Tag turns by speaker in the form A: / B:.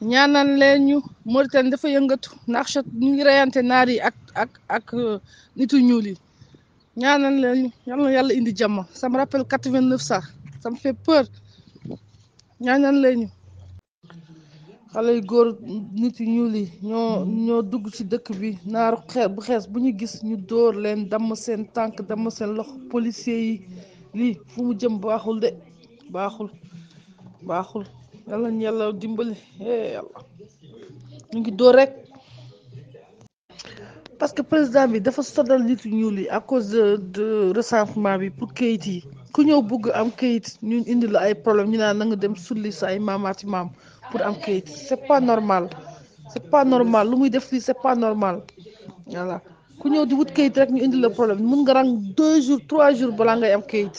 A: ñaanal leen ñu Mauritanie dafa yëngatu ndax chot ñu ngi reyante naar yi ak ak ak uh, nitu ñuul yi ñaanal leen ñu yal na yàlla indi jàmm ça me rappelle quatre-vingt-neuf ça ça me fait peur ñaanal leen ñu xale yu góor nit ñuul yi ñoo ñoo dugg ci dëkk bi naaru xeer bu xees bu ñu gis ñu dóor leen damm seen tànk damm seen loxo policier yi lii fu mu jëm baaxul de baaxul baaxul yàlla na yàlla dimbali eh yàlla ñu ngi door rek parce que président bi dafa sodal nit ñuul yi à cause de de recensement bi pour kayit yi ku ñëw bugg am kayit ñu indi la ay problème ñu naan na nga dem sulli sa ay maamaati maam pour am kayit c'est pas normal c'est pas normal lu muy def fii c'est pas normal voilà ku ñëw di wut kayit rek ñu indi la problème mun nga rang deux jours trois jours balaa ngay am kayit.